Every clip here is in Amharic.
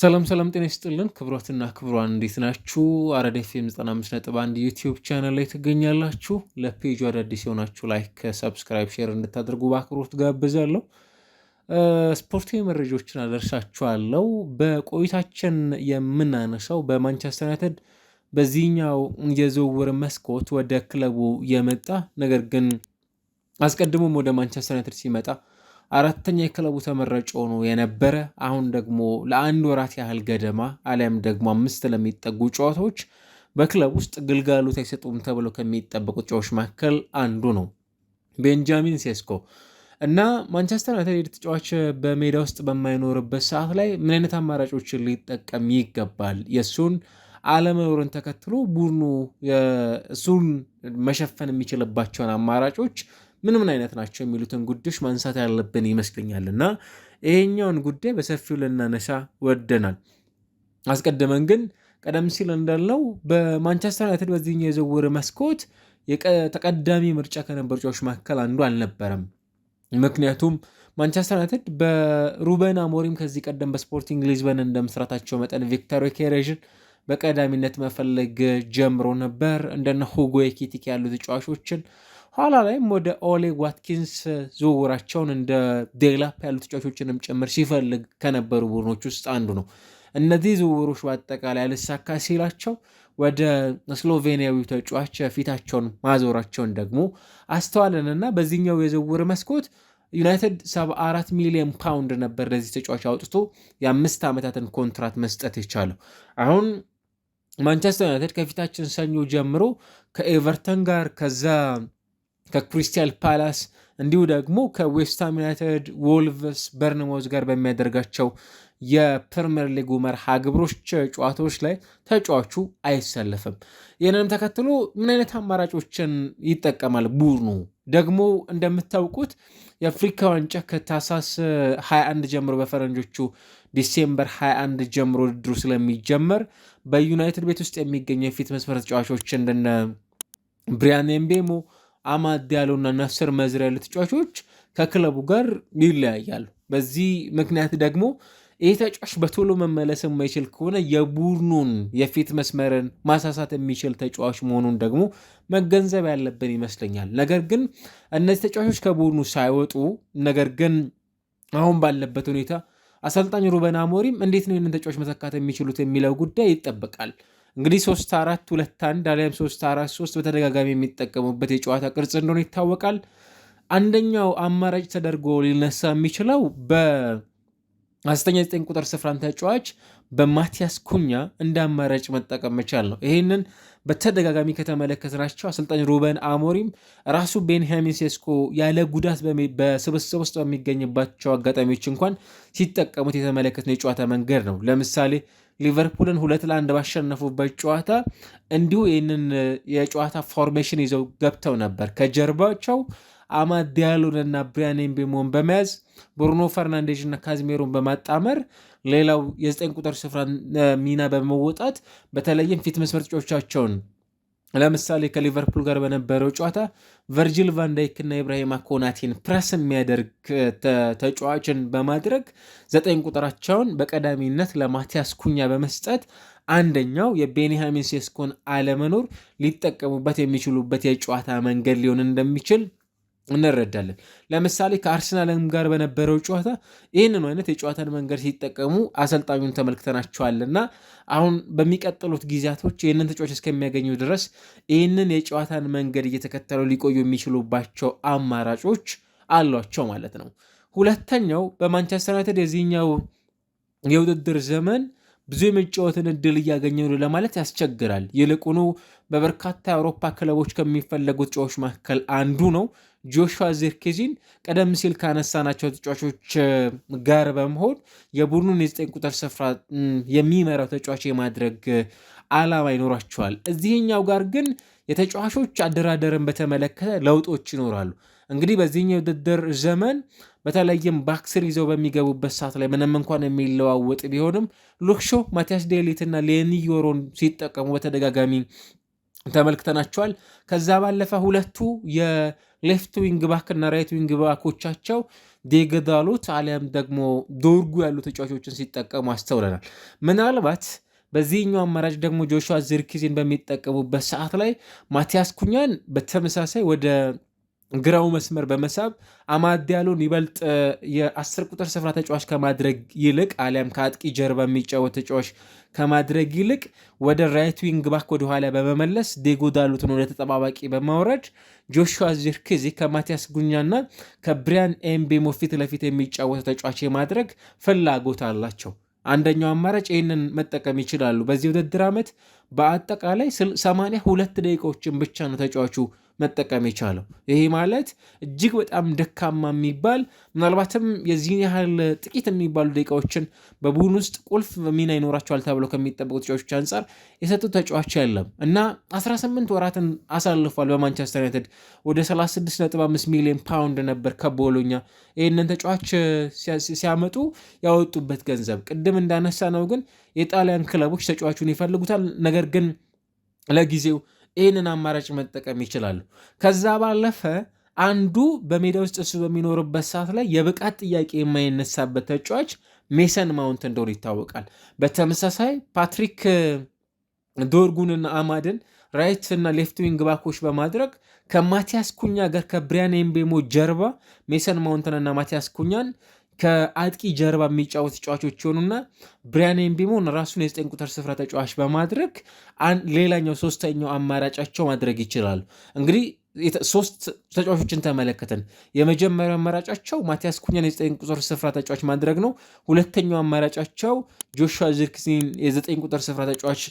ሰላም ሰላም፣ ጤና ይስጥልን ክብሯትና ክብሯን፣ እንዴት ናችሁ? አራዳ ኤፍ ኤም 1 ዩቲዩብ ቻናል ላይ ትገኛላችሁ። ለፔጁ አዳዲስ የሆናችሁ ላይክ፣ ሰብስክራይብ፣ ሼር እንድታደርጉ በአክብሮት ጋብዛለሁ። ስፖርታዊ መረጃዎችን አደርሳችኋለሁ። በቆይታችን የምናነሳው በማንቸስተር ዩናይትድ በዚህኛው የዝውውር መስኮት ወደ ክለቡ የመጣ ነገር ግን አስቀድሞም ወደ ማንቸስተር ዩናይትድ ሲመጣ አራተኛ የክለቡ ተመራጭ ሆኖ የነበረ አሁን ደግሞ ለአንድ ወራት ያህል ገደማ አሊያም ደግሞ አምስት ለሚጠጉ ጨዋታዎች በክለብ ውስጥ ግልጋሎት አይሰጡም ተብሎ ከሚጠበቁ ተጫዋቾች መካከል አንዱ ነው ቤንጃሚን ሴስኮ እና ማንቸስተር ዩናይትድ ተጫዋች በሜዳ ውስጥ በማይኖርበት ሰዓት ላይ ምን አይነት አማራጮችን ሊጠቀም ይገባል? የእሱን አለመኖርን ተከትሎ ቡድኑ እሱን መሸፈን የሚችልባቸውን አማራጮች ምን ምን አይነት ናቸው የሚሉትን ጉዳዮች ማንሳት ያለብን ይመስለኛል እና ይሄኛውን ጉዳይ በሰፊው ልናነሳ ወደናል። አስቀድመን ግን ቀደም ሲል እንዳለው በማንቸስተር ዩናይትድ በዚህኛው የዝውውር መስኮት ተቀዳሚ ምርጫ ከነበሩ ተጫዋቾች መካከል አንዱ አልነበረም። ምክንያቱም ማንቸስተር ዩናይትድ በሩበን አሞሪም ከዚህ ቀደም በስፖርቲንግ ሊዝበን እንደ መስራታቸው መጠን ቪክተር ኬሬዥን በቀዳሚነት መፈለግ ጀምሮ ነበር። እንደነ ሁጎ ኤኪቲክ ያሉ ተጫዋቾችን ኋላ ላይም ወደ ኦሌ ዋትኪንስ ዝውውራቸውን እንደ ዴላፕ ያሉ ተጫዋቾችንም ጭምር ሲፈልግ ከነበሩ ቡድኖች ውስጥ አንዱ ነው። እነዚህ ዝውውሮች በአጠቃላይ አልሳካ ሲላቸው ወደ ስሎቬኒያዊ ተጫዋች ፊታቸውን ማዞራቸውን ደግሞ አስተዋለንና በዚህኛው የዝውውር መስኮት ዩናይትድ 74 ሚሊዮን ፓውንድ ነበር ለዚህ ተጫዋች አውጥቶ የአምስት ዓመታትን ኮንትራት መስጠት የቻለው። አሁን ማንቸስተር ዩናይትድ ከፊታችን ሰኞ ጀምሮ ከኤቨርተን ጋር ከዛ ከክሪስታል ፓላስ እንዲሁ ደግሞ ከዌስትሃም ዩናይትድ፣ ወልቭስ፣ በርንሞዝ ጋር በሚያደርጋቸው የፕሪምየር ሊጉ መርሃ ግብሮች ጨዋታዎች ላይ ተጫዋቹ አይሰለፍም። ይህንንም ተከትሎ ምን አይነት አማራጮችን ይጠቀማል ቡድኑ? ደግሞ እንደምታውቁት የአፍሪካ ዋንጫ ከታህሳስ 21 ጀምሮ በፈረንጆቹ ዲሴምበር 21 ጀምሮ ውድድሩ ስለሚጀመር በዩናይትድ ቤት ውስጥ የሚገኙ የፊት መስመር ተጫዋቾች እንደነ ብሪያን ኤምቤሞ አማድ ያለውና ናስር መዝር ያሉ ተጫዋቾች ከክለቡ ጋር ይለያያሉ። በዚህ ምክንያት ደግሞ ይህ ተጫዋች በቶሎ መመለስ የማይችል ከሆነ የቡድኑን የፊት መስመርን ማሳሳት የሚችል ተጫዋች መሆኑን ደግሞ መገንዘብ ያለብን ይመስለኛል። ነገር ግን እነዚህ ተጫዋቾች ከቡድኑ ሳይወጡ ነገር ግን አሁን ባለበት ሁኔታ አሰልጣኝ ሩበን አሞሪም እንዴት ነው ይህንን ተጫዋች መተካት የሚችሉት የሚለው ጉዳይ ይጠበቃል። እንግዲህ ሶስት አራት ሁለት አንድ አሊያም ሶስት አራት ሶስት በተደጋጋሚ የሚጠቀሙበት የጨዋታ ቅርጽ እንደሆነ ይታወቃል። አንደኛው አማራጭ ተደርጎ ሊነሳ የሚችለው በ ዘጠኝ ቁጥር ስፍራን ተጫዋች በማቲያስ ኩኛ እንደ አማራጭ መጠቀም መቻል ነው። ይህንን በተደጋጋሚ ከተመለከትናቸው አሰልጣኝ ሩበን አሞሪም ራሱ ቤንያሚን ሴስኮ ያለ ጉዳት በስብስብ ውስጥ በሚገኝባቸው አጋጣሚዎች እንኳን ሲጠቀሙት የተመለከትነው የጨዋታ መንገድ ነው። ለምሳሌ ሊቨርፑልን ሁለት ለአንድ ባሸነፉበት ጨዋታ እንዲሁ ይህንን የጨዋታ ፎርሜሽን ይዘው ገብተው ነበር። ከጀርባቸው አማድ እና ብሪያን ምቤሞን በመያዝ ብሩኖ ፈርናንዴዥ እና ካዝሜሮን በማጣመር ሌላው የዘጠኝ ቁጥር ስፍራ ሚና በመወጣት በተለይም ፊት መስመር ተጫዋቾቻቸውን ለምሳሌ ከሊቨርፑል ጋር በነበረው ጨዋታ ቨርጂል ቫንዳይክና ኢብራሂማ ኮናቴን ፕረስ የሚያደርግ ተጫዋችን በማድረግ ዘጠኝ ቁጥራቸውን በቀዳሚነት ለማቲያስ ኩኛ በመስጠት አንደኛው የቤኒሃሚን ሴስኮን አለመኖር ሊጠቀሙበት የሚችሉበት የጨዋታ መንገድ ሊሆን እንደሚችል እንረዳለን። ለምሳሌ ከአርሰናልም ጋር በነበረው ጨዋታ ይህንን አይነት የጨዋታን መንገድ ሲጠቀሙ አሰልጣኙን ተመልክተናቸዋልና አሁን በሚቀጥሉት ጊዜያቶች ይህንን ተጫዋች እስከሚያገኙ ድረስ ይህንን የጨዋታን መንገድ እየተከተሉ ሊቆዩ የሚችሉባቸው አማራጮች አሏቸው ማለት ነው። ሁለተኛው በማንቸስተር ዩናይትድ የዚህኛው የውድድር ዘመን ብዙ የመጫወትን እድል እያገኘ ነው ለማለት ያስቸግራል። ይልቁኑ በበርካታ የአውሮፓ ክለቦች ከሚፈለጉት ጨዋቾች መካከል አንዱ ነው። ጆሹዋ ዚርክዚን ቀደም ሲል ካነሳናቸው ተጫዋቾች ጋር በመሆን የቡድኑን የዘጠኝ ቁጥር ስፍራ የሚመራው ተጫዋች የማድረግ ዓላማ ይኖራቸዋል። እዚህኛው ጋር ግን የተጫዋቾች አደራደርን በተመለከተ ለውጦች ይኖራሉ። እንግዲህ በዚህኛው ውድድር ዘመን በተለይም ባክስር ይዘው በሚገቡበት ሰዓት ላይ ምንም እንኳን የሚለዋወጥ ቢሆንም ሉክሾ፣ ማቲያስ ዴሊት እና ሌኒዮሮን ሲጠቀሙ በተደጋጋሚ ተመልክተናቸዋል። ከዛ ባለፈ ሁለቱ የሌፍት ዊንግ ባክና ራይት ዊንግ ባኮቻቸው ዴገዳሎት አሊያም ደግሞ ዶርጉ ያሉ ተጫዋቾችን ሲጠቀሙ አስተውለናል። ምናልባት በዚህኛው አማራጭ ደግሞ ጆሹዋ ዝርኪዜን በሚጠቀሙበት ሰዓት ላይ ማቲያስ ኩኛን በተመሳሳይ ወደ ግራው መስመር በመሳብ አማድ ያለውን ይበልጥ የአስር ቁጥር ስፍራ ተጫዋች ከማድረግ ይልቅ አሊያም ከአጥቂ ጀርባ የሚጫወት ተጫዋች ከማድረግ ይልቅ ወደ ራይት ዊንግ ባክ ወደኋላ በመመለስ ዴጎ ዳሎትን ወደ ተጠባባቂ በማውረድ ጆሹዋ ዚርክዚ ከማቲያስ ጉኛና ከብሪያን ኤምቤሞ ፊት ለፊት የሚጫወት ተጫዋች የማድረግ ፍላጎት አላቸው። አንደኛው አማራጭ ይህንን መጠቀም ይችላሉ። በዚህ ውድድር ዓመት በአጠቃላይ ሁለት ደቂቃዎችን ብቻ ነው ተጫዋቹ መጠቀም የቻለው። ይሄ ማለት እጅግ በጣም ደካማ የሚባል ምናልባትም የዚህን ያህል ጥቂት የሚባሉ ደቂቃዎችን በቡድን ውስጥ ቁልፍ ሚና ይኖራቸዋል ተብለው ከሚጠበቁ ተጫዋቾች አንጻር የሰጡት ተጫዋች የለም እና 18 ወራትን አሳልፏል በማንቸስተር ዩናይትድ። ወደ 36.5 ሚሊዮን ፓውንድ ነበር ከቦሎኛ ይህንን ተጫዋች ሲያመጡ ያወጡበት ገንዘብ። ቅድም እንዳነሳ ነው ግን የጣሊያን ክለቦች ተጫዋቹን ይፈልጉታል ነገር ግን ለጊዜው ይህንን አማራጭ መጠቀም ይችላሉ። ከዛ ባለፈ አንዱ በሜዳ ውስጥ እሱ በሚኖርበት ሰዓት ላይ የብቃት ጥያቄ የማይነሳበት ተጫዋች ሜሰን ማውንት እንደሆነ ይታወቃል። በተመሳሳይ ፓትሪክ ዶርጉንና አማድን ራይት እና ሌፍት ዊንግ ባኮች በማድረግ ከማቲያስ ኩኛ ጋር ከብሪያን ኤምቤሞ ጀርባ ሜሰን ማውንትንና ማቲያስ ኩኛን ከአጥቂ ጀርባ የሚጫወት ተጫዋቾች የሆኑና ብሪያን ምቤሞን ራሱን የዘጠኝ ቁጥር ስፍራ ተጫዋች በማድረግ ሌላኛው ሶስተኛው አማራጫቸው ማድረግ ይችላል። እንግዲህ ሶስት ተጫዋቾችን ተመለከትን። የመጀመሪያው አማራጫቸው ማቲያስ ኩኛን የዘጠኝ ቁጥር ስፍራ ተጫዋች ማድረግ ነው። ሁለተኛው አማራጫቸው ጆሹዋ ዚርክዚን የዘጠኝ ቁጥር ስፍራ ተጫዋች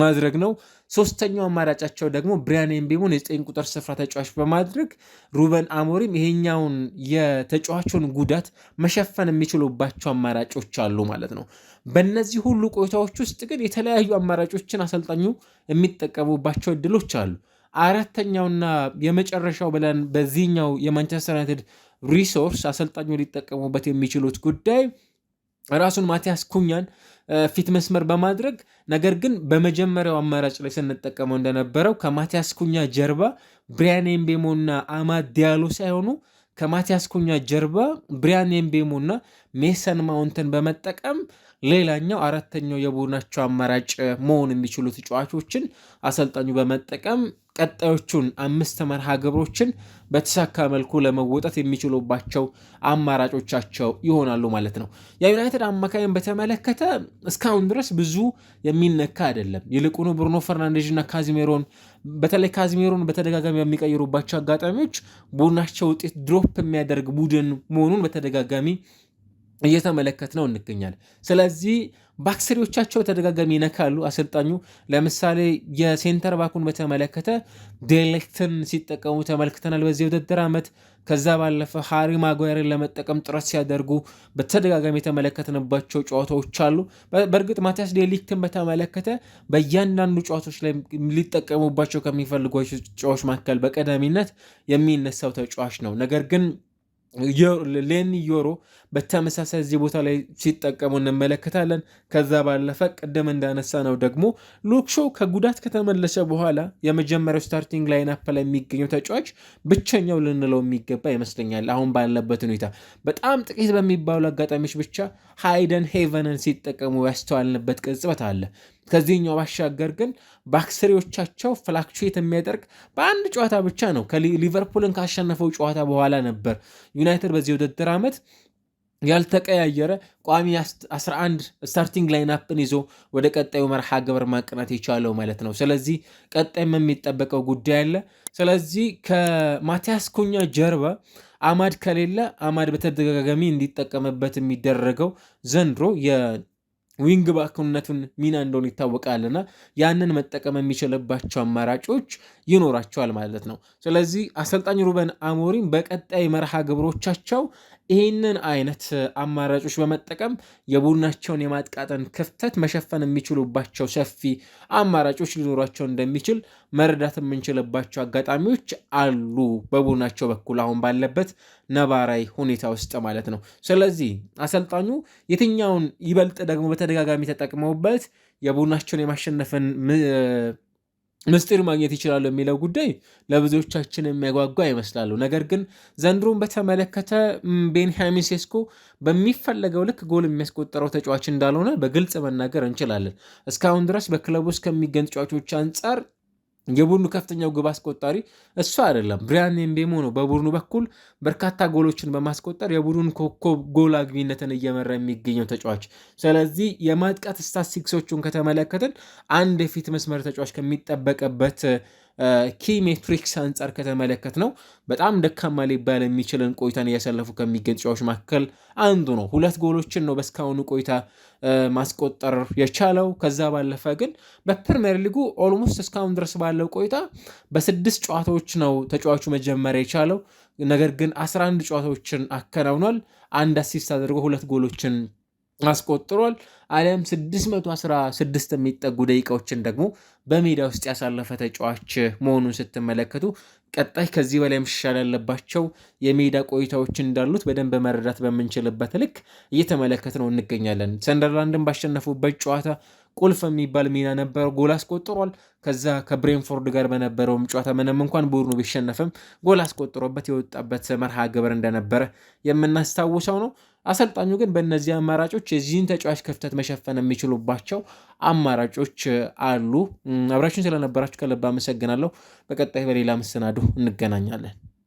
ማድረግ ነው። ሶስተኛው አማራጫቸው ደግሞ ብሪያን ኤምቤሞን የዘጠኝ ቁጥር ስፍራ ተጫዋች በማድረግ ሩበን አሞሪም ይሄኛውን የተጫዋቹን ጉዳት መሸፈን የሚችሉባቸው አማራጮች አሉ ማለት ነው። በእነዚህ ሁሉ ቆይታዎች ውስጥ ግን የተለያዩ አማራጮችን አሰልጣኙ የሚጠቀሙባቸው እድሎች አሉ። አራተኛውና የመጨረሻው ብለን በዚህኛው የማንቸስተር ዩናይትድ ሪሶርስ አሰልጣኙ ሊጠቀሙበት የሚችሉት ጉዳይ ራሱን ማቲያስ ኩኛን ፊት መስመር በማድረግ ነገር ግን በመጀመሪያው አማራጭ ላይ ስንጠቀመው እንደነበረው ከማቲያስ ኩኛ ጀርባ ብሪያን ኤምቤሞና አማድ ዲያሎ ሳይሆኑ ከማቲያስ ኩኛ ጀርባ ብሪያን ኤምቤሞና ሜሰን ማውንትን በመጠቀም ሌላኛው አራተኛው የቡድናቸው አማራጭ መሆን የሚችሉ ተጫዋቾችን አሰልጣኙ በመጠቀም ቀጣዮቹን አምስት መርሃ ግብሮችን በተሳካ መልኩ ለመወጣት የሚችሉባቸው አማራጮቻቸው ይሆናሉ ማለት ነው። የዩናይትድ አማካይን በተመለከተ እስካሁን ድረስ ብዙ የሚነካ አይደለም። ይልቁኑ ብሩኖ ፈርናንዴዝ እና ካዚሜሮን በተለይ ካዚሜሮን በተደጋጋሚ የሚቀይሩባቸው አጋጣሚዎች ቡድናቸው ውጤት ድሮፕ የሚያደርግ ቡድን መሆኑን በተደጋጋሚ እየተመለከት ነው እንገኛለን። ስለዚህ ባክሰሪዎቻቸው ተደጋጋሚ ይነካሉ። አሰልጣኙ ለምሳሌ የሴንተር ባኩን በተመለከተ ዴሌክትን ሲጠቀሙ ተመልክተናል በዚህ ውድድር ዓመት። ከዛ ባለፈ ሃሪ ማጓየርን ለመጠቀም ጥረት ሲያደርጉ በተደጋጋሚ የተመለከትንባቸው ጨዋታዎች አሉ። በእርግጥ ማቲያስ ዴሊክትን በተመለከተ በእያንዳንዱ ጨዋታዎች ላይ ሊጠቀሙባቸው ከሚፈልጓቸው ተጫዋቾች መካከል በቀዳሚነት የሚነሳው ተጫዋች ነው። ነገር ግን ሌኒ ዮሮ በተመሳሳይ እዚህ ቦታ ላይ ሲጠቀሙ እንመለከታለን። ከዛ ባለፈ ቅድም እንዳነሳ ነው ደግሞ ሉክሾ ከጉዳት ከተመለሰ በኋላ የመጀመሪያው ስታርቲንግ ላይናፕ ላይ የሚገኘው ተጫዋች ብቸኛው ልንለው የሚገባ ይመስለኛል። አሁን ባለበት ሁኔታ በጣም ጥቂት በሚባሉ አጋጣሚዎች ብቻ ሃይደን ሄቨንን ሲጠቀሙ ያስተዋልንበት ቅጽበት አለ። ከዚህኛው ባሻገር ግን ባክስሪዎቻቸው ፍላክቹዌት የሚያደርግ በአንድ ጨዋታ ብቻ ነው። ከሊቨርፑልን ካሸነፈው ጨዋታ በኋላ ነበር ዩናይትድ በዚህ ውድድር ዓመት ያልተቀያየረ ቋሚ 11 ስታርቲንግ ላይናፕን ይዞ ወደ ቀጣዩ መርሃ ግብር ማቅናት የቻለው ማለት ነው። ስለዚህ ቀጣይም የሚጠበቀው ጉዳይ አለ። ስለዚህ ከማቲያስ ኩኛ ጀርባ አማድ ከሌለ አማድ በተደጋጋሚ እንዲጠቀምበት የሚደረገው ዘንድሮ ዊንግ ባክነቱን ሚና እንደሆነ ይታወቃልና ያንን መጠቀም የሚችልባቸው አማራጮች ይኖራቸዋል ማለት ነው። ስለዚህ አሰልጣኝ ሩበን አሞሪም በቀጣይ መርሃ ግብሮቻቸው ይህንን አይነት አማራጮች በመጠቀም የቡድናቸውን የማጥቃጠን ክፍተት መሸፈን የሚችሉባቸው ሰፊ አማራጮች ሊኖሯቸው እንደሚችል መረዳት የምንችልባቸው አጋጣሚዎች አሉ በቡድናቸው በኩል አሁን ባለበት ነባራዊ ሁኔታ ውስጥ ማለት ነው። ስለዚህ አሰልጣኙ የትኛውን ይበልጥ ደግሞ በተደጋጋሚ ተጠቅመውበት የቡናቸውን የማሸነፍን ምስጢር ማግኘት ይችላሉ የሚለው ጉዳይ ለብዙዎቻችን የሚያጓጓ ይመስላሉ። ነገር ግን ዘንድሮን በተመለከተ ቤንያሚን ሴስኮ በሚፈለገው ልክ ጎል የሚያስቆጠረው ተጫዋች እንዳልሆነ በግልጽ መናገር እንችላለን። እስካሁን ድረስ በክለቡ ውስጥ ከሚገኝ ተጫዋቾች አንጻር የቡድኑ ከፍተኛው ግብ አስቆጣሪ እሱ አይደለም፣ ብሪያን ምቤሞ ነው። በቡድኑ በኩል በርካታ ጎሎችን በማስቆጠር የቡድኑ ኮከብ ጎል አግቢነትን እየመራ የሚገኘው ተጫዋች። ስለዚህ የማጥቃት ስታቲስቲክሶቹን ከተመለከትን አንድ የፊት መስመር ተጫዋች ከሚጠበቅበት ኪ ሜትሪክስ አንጻር ከተመለከት ነው በጣም ደካማ ሊባል የሚችልን ቆይታን እያሳለፉ ከሚገኝ ተጫዋቾች መካከል አንዱ ነው። ሁለት ጎሎችን ነው በእስካሁኑ ቆይታ ማስቆጠር የቻለው። ከዛ ባለፈ ግን በፕሪሚየር ሊጉ ኦልሞስት እስካሁን ድረስ ባለው ቆይታ በስድስት ጨዋታዎች ነው ተጫዋቹ መጀመሪያ የቻለው። ነገር ግን 11 ጨዋታዎችን አከናውኗል። አንድ አሲስት አድርጎ ሁለት ጎሎችን አስቆጥሯል። አሊያም 616 የሚጠጉ ደቂቃዎችን ደግሞ በሜዳ ውስጥ ያሳለፈ ተጫዋች መሆኑን ስትመለከቱ ቀጣይ ከዚህ በላይ መሻሻል ያለባቸው የሜዳ ቆይታዎች እንዳሉት በደንብ መረዳት በምንችልበት ልክ እየተመለከት ነው እንገኛለን። ሰንደርላንድን ባሸነፉበት ጨዋታ ቁልፍ የሚባል ሚና ነበረው። ጎል አስቆጥሯል። ከዛ ከብሬንፎርድ ጋር በነበረውም ጨዋታ ምንም እንኳን ቡድኑ ቢሸነፍም ጎል አስቆጥሮበት የወጣበት መርሃ ግብር እንደነበረ የምናስታውሰው ነው። አሰልጣኙ ግን በእነዚህ አማራጮች የዚህን ተጫዋች ክፍተት መሸፈን የሚችሉባቸው አማራጮች አሉ። አብራችሁን ስለነበራችሁ ከልብ አመሰግናለሁ። በቀጣይ በሌላ መሰናዶ እንገናኛለን።